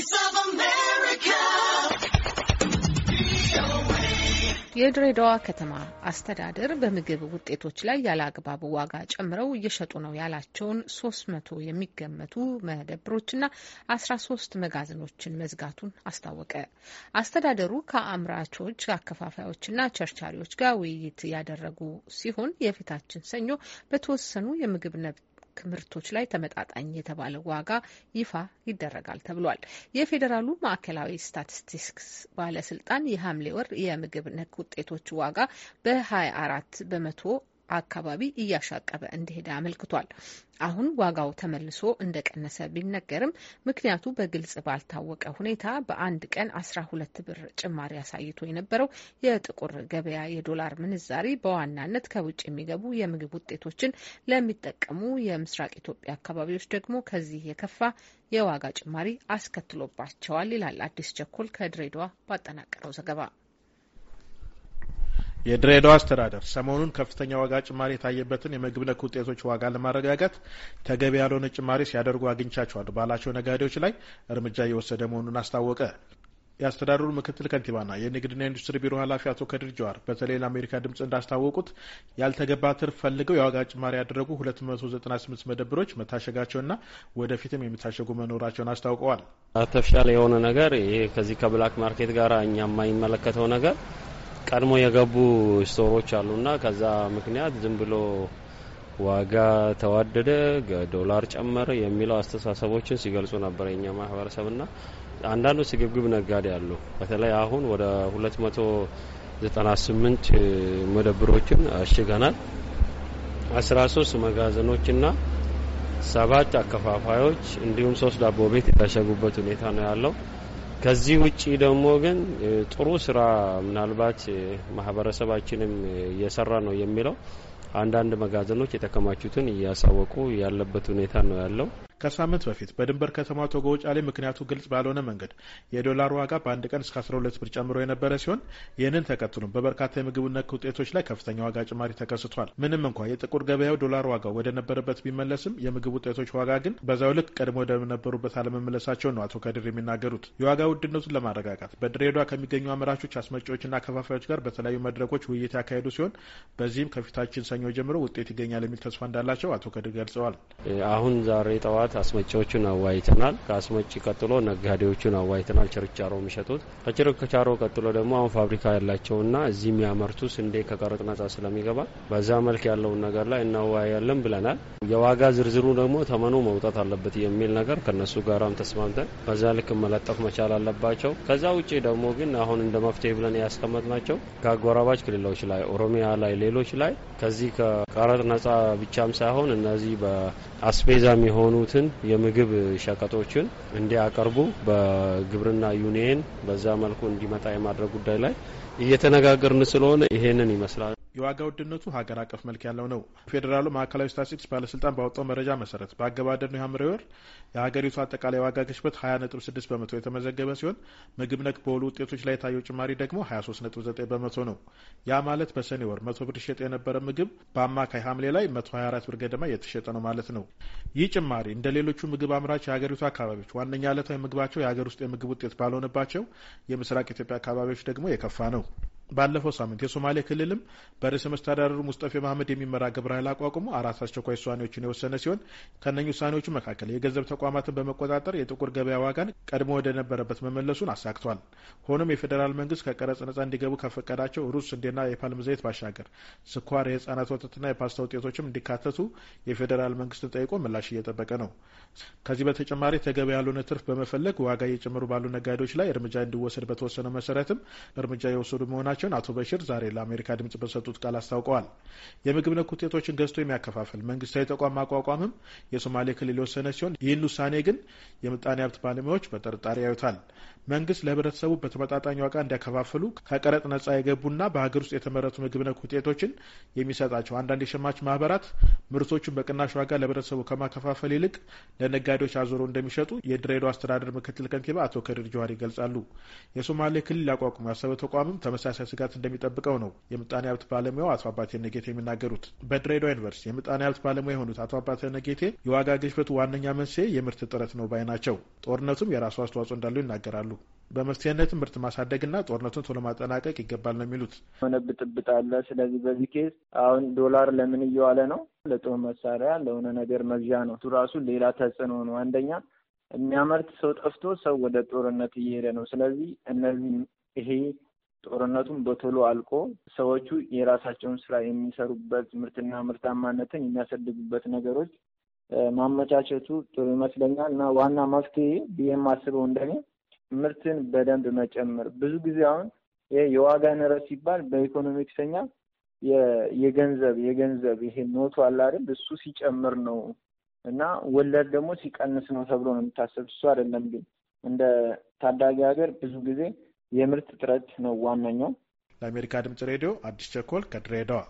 Voice of America. የድሬዳዋ ከተማ አስተዳደር በምግብ ውጤቶች ላይ ያለ ዋጋ ጨምረው እየሸጡ ነው ያላቸውን ሶስት መቶ የሚገመቱ መደብሮችና አስራ ሶስት መጋዘኖችን መዝጋቱን አስታወቀ። አስተዳደሩ ከአምራቾች አከፋፋዮችና ቸርቻሪዎች ጋር ውይይት ያደረጉ ሲሆን የፊታችን ሰኞ በተወሰኑ የምግብ ነብ ምርቶች ላይ ተመጣጣኝ የተባለ ዋጋ ይፋ ይደረጋል ተብሏል። የፌዴራሉ ማዕከላዊ ስታቲስቲክስ ባለስልጣን የሐምሌ ወር የምግብ ነክ ውጤቶች ዋጋ በ24 በመቶ አካባቢ እያሻቀበ እንደሄደ አመልክቷል። አሁን ዋጋው ተመልሶ እንደቀነሰ ቢነገርም ምክንያቱ በግልጽ ባልታወቀ ሁኔታ በአንድ ቀን አስራ ሁለት ብር ጭማሪ አሳይቶ የነበረው የጥቁር ገበያ የዶላር ምንዛሪ በዋናነት ከውጭ የሚገቡ የምግብ ውጤቶችን ለሚጠቀሙ የምስራቅ ኢትዮጵያ አካባቢዎች ደግሞ ከዚህ የከፋ የዋጋ ጭማሪ አስከትሎባቸዋል ይላል አዲስ ቸኮል ከድሬዳዋ ባጠናቀረው ዘገባ። የድሬዳዋ አስተዳደር ሰሞኑን ከፍተኛ ዋጋ ጭማሪ የታየበትን የምግብ ነክ ውጤቶች ዋጋ ለማረጋጋት ተገቢ ያልሆነ ጭማሪ ሲያደርጉ አግኝቻቸዋለሁ ባላቸው ነጋዴዎች ላይ እርምጃ እየወሰደ መሆኑን አስታወቀ። የአስተዳደሩ ምክትል ከንቲባና የንግድና ኢንዱስትሪ ቢሮ ኃላፊ አቶ ከድር ጀዋር በተለይ ለአሜሪካ ድምፅ እንዳስታወቁት ያልተገባ ትርፍ ፈልገው የዋጋ ጭማሪ ያደረጉ 298 መደብሮች መታሸጋቸውና ወደፊትም የሚታሸጉ መኖራቸውን አስታውቀዋል። አርተፊሻል የሆነ ነገር ይሄ ከዚህ ከብላክ ማርኬት ጋር እኛ የማይመለከተው ነገር ቀድሞ የገቡ ስቶሮች አሉና ከዛ ምክንያት ዝም ብሎ ዋጋ ተዋደደ፣ ዶላር ጨመረ የሚለው አስተሳሰቦችን ሲገልጹ ነበር የኛ ማህበረሰብና አንዳንዱ ስግብግብ ነጋዴ አሉ። በተለይ አሁን ወደ 298 መደብሮችን አሽገናል። 13 መጋዘኖችና ሰባት አከፋፋዮች እንዲሁም ሶስት ዳቦ ቤት የታሸጉበት ሁኔታ ነው ያለው። ከዚህ ውጭ ደግሞ ግን ጥሩ ስራ ምናልባት ማህበረሰባችንም እየሰራ ነው የሚለው አንዳንድ መጋዘኖች የተከማቹትን እያሳወቁ ያለበት ሁኔታ ነው ያለው። ከሳምንት በፊት በድንበር ከተማ ቶጎ ውጫሌ ምክንያቱ ግልጽ ባልሆነ መንገድ የዶላር ዋጋ በአንድ ቀን እስከ 12 ብር ጨምሮ የነበረ ሲሆን ይህንን ተከትሎም በበርካታ የምግብ ነክ ውጤቶች ላይ ከፍተኛ ዋጋ ጭማሪ ተከስቷል። ምንም እንኳ የጥቁር ገበያው ዶላር ዋጋው ወደ ነበረበት ቢመለስም የምግብ ውጤቶች ዋጋ ግን በዛው ልክ ቀድሞ ወደነበሩበት አለመመለሳቸውን ነው አቶ ከድር የሚናገሩት። የዋጋ ውድነቱን ለማረጋጋት በድሬዳዋ ከሚገኙ አምራቾች፣ አስመጪዎችና ከፋፋዮች ጋር በተለያዩ መድረኮች ውይይት ያካሄዱ ሲሆን በዚህም ከፊታችን ሰኞ ጀምሮ ውጤት ይገኛል የሚል ተስፋ እንዳላቸው አቶ ከድር ገልጸዋል። አሁን ዛሬ ጠዋት በመምጣት አስመጪዎቹን አዋይተናል። ከአስመጪ ቀጥሎ ነጋዴዎቹን አዋይተናል። ችርቻሮ የሚሸጡት ከችርቻሮ ቀጥሎ ደግሞ አሁን ፋብሪካ ያላቸውና እዚህ የሚያመርቱ ስንዴ ከቀረጥ ነጻ ስለሚገባ በዛ መልክ ያለውን ነገር ላይ እናዋያለን ብለናል። የዋጋ ዝርዝሩ ደግሞ ተመኑ መውጣት አለበት የሚል ነገር ከነሱ ጋራም ተስማምተን በዛ ልክ መለጠፍ መቻል አለባቸው። ከዛ ውጭ ደግሞ ግን አሁን እንደ መፍትሄ ብለን ናቸው ከአጎራባች ክልሎች ላይ ኦሮሚያ ላይ ሌሎች ላይ ከዚህ ከቀረጥ ነጻ ብቻም ሳይሆን እነዚህ በአስቤዛ የሚሆኑትን ምርቶችን የምግብ ሸቀጦችን እንዲያቀርቡ በግብርና ዩኒየን በዛ መልኩ እንዲመጣ የማድረግ ጉዳይ ላይ እየተነጋገርን ስለሆነ ይሄንን ይመስላል። የዋጋ ውድነቱ ሀገር አቀፍ መልክ ያለው ነው። ፌዴራሉ ማዕከላዊ ስታቲስቲክስ ባለስልጣን ባወጣው መረጃ መሰረት በአገባደድ ነው ሐምሌ ወር የሀገሪቱ አጠቃላይ ዋጋ ግሽበት 20.6 በመቶ የተመዘገበ ሲሆን ምግብ ነክ በሆኑ ውጤቶች ላይ የታየው ጭማሪ ደግሞ 23.9 በመቶ ነው። ያ ማለት በሰኔ ወር መቶ ብር ይሸጥ የነበረ ምግብ በአማካይ ሐምሌ ላይ 124 ብር ገደማ የተሸጠ ነው ማለት ነው። ይህ ጭማሪ እንደ ሌሎቹ ምግብ አምራች የሀገሪቱ አካባቢዎች ዋነኛ ዕለታዊ ምግባቸው የሀገር ውስጥ የምግብ ውጤት ባልሆነባቸው የምስራቅ ኢትዮጵያ አካባቢዎች ደግሞ የከፋ ነው። ባለፈው ሳምንት የሶማሌ ክልልም በርዕሰ መስተዳደሩ ሙስጠፌ መሀመድ የሚመራ ግብረ ኃይል አቋቁሞ አራት አስቸኳይ ውሳኔዎችን የወሰነ ሲሆን ከነኙ ውሳኔዎቹ መካከል የገንዘብ ተቋማትን በመቆጣጠር የጥቁር ገበያ ዋጋን ቀድሞ ወደነበረበት መመለሱን አሳክቷል። ሆኖም የፌዴራል መንግስት ከቀረጽ ነጻ እንዲገቡ ከፈቀዳቸው ሩዝ፣ ስንዴና የፓልም ዘይት ባሻገር ስኳር፣ የህጻናት ወተትና የፓስታ ውጤቶችም እንዲካተቱ የፌዴራል መንግስትን ጠይቆ ምላሽ እየጠበቀ ነው። ከዚህ በተጨማሪ ተገቢ ያልሆነ ትርፍ በመፈለግ ዋጋ እየጨመሩ ባሉ ነጋዴዎች ላይ እርምጃ እንዲወሰድ በተወሰነው መሰረትም እርምጃ የወሰዱ መሆናቸው መሆናቸውን አቶ በሽር ዛሬ ለአሜሪካ ድምጽ በሰጡት ቃል አስታውቀዋል። የምግብ ነክ ውጤቶችን ገዝቶ የሚያከፋፍል መንግስታዊ ተቋም ማቋቋምም የሶማሌ ክልል የወሰነ ሲሆን ይህን ውሳኔ ግን የምጣኔ ሀብት ባለሙያዎች በጥርጣሬ ያዩታል። መንግስት ለህብረተሰቡ በተመጣጣኝ ዋጋ እንዲያከፋፍሉ ከቀረጥ ነጻ የገቡና በሀገር ውስጥ የተመረቱ ምግብ ነክ ውጤቶችን የሚሰጣቸው አንዳንድ የሸማች ማህበራት ምርቶቹን በቅናሽ ዋጋ ለህብረተሰቡ ከማከፋፈል ይልቅ ለነጋዴዎች አዞሮ እንደሚሸጡ የድሬዳዋ አስተዳደር ምክትል ከንቲባ አቶ ከድር ጀዋር ይገልጻሉ። የሶማሌ ክልል ሊያቋቁሙ ያሰበ ተቋምም ተመሳሳይ በስጋት እንደሚጠብቀው ነው የምጣኔ ሀብት ባለሙያው አቶ አባቴ ነጌቴ የሚናገሩት። በድሬዳዋ ዩኒቨርሲቲ የምጣኔ ሀብት ባለሙያ የሆኑት አቶ አባቴ ነጌቴ የዋጋ ግሽበቱ ዋነኛ መንስኤ የምርት እጥረት ነው ባይ ናቸው። ጦርነቱም የራሱ አስተዋጽኦ እንዳለው ይናገራሉ። በመፍትሄነት ምርት ማሳደግና ጦርነቱን ቶሎ ማጠናቀቅ ይገባል ነው የሚሉት። ሆነ ብጥብጥ አለ። ስለዚህ በዚህ ኬስ አሁን ዶላር ለምን እየዋለ ነው? ለጦር መሳሪያ ለሆነ ነገር መግዣ ነው። እሱ ራሱ ሌላ ተጽዕኖ ነው። አንደኛ የሚያመርት ሰው ጠፍቶ ሰው ወደ ጦርነት እየሄደ ነው። ስለዚህ እነዚህ ይሄ ጦርነቱን በቶሎ አልቆ ሰዎቹ የራሳቸውን ስራ የሚሰሩበት ምርትና ምርታማነትን የሚያሳድጉበት ነገሮች ማመቻቸቱ ጥሩ ይመስለኛል እና ዋና መፍትሄ ብዬ የማስበው እንደኔ ምርትን በደንብ መጨመር። ብዙ ጊዜ አሁን ይሄ የዋጋ ንረት ሲባል በኢኮኖሚክሰኛ የገንዘብ የገንዘብ ይሄ ኖቱ አለ አይደል? እሱ ሲጨምር ነው እና ወለድ ደግሞ ሲቀንስ ነው ተብሎ ነው የሚታሰብ። እሱ አይደለም ግን እንደ ታዳጊ ሀገር ብዙ ጊዜ የምርት እጥረት ነው ዋነኛው። ለአሜሪካ ድምጽ ሬዲዮ አዲስ ቸኮል ከድሬዳዋ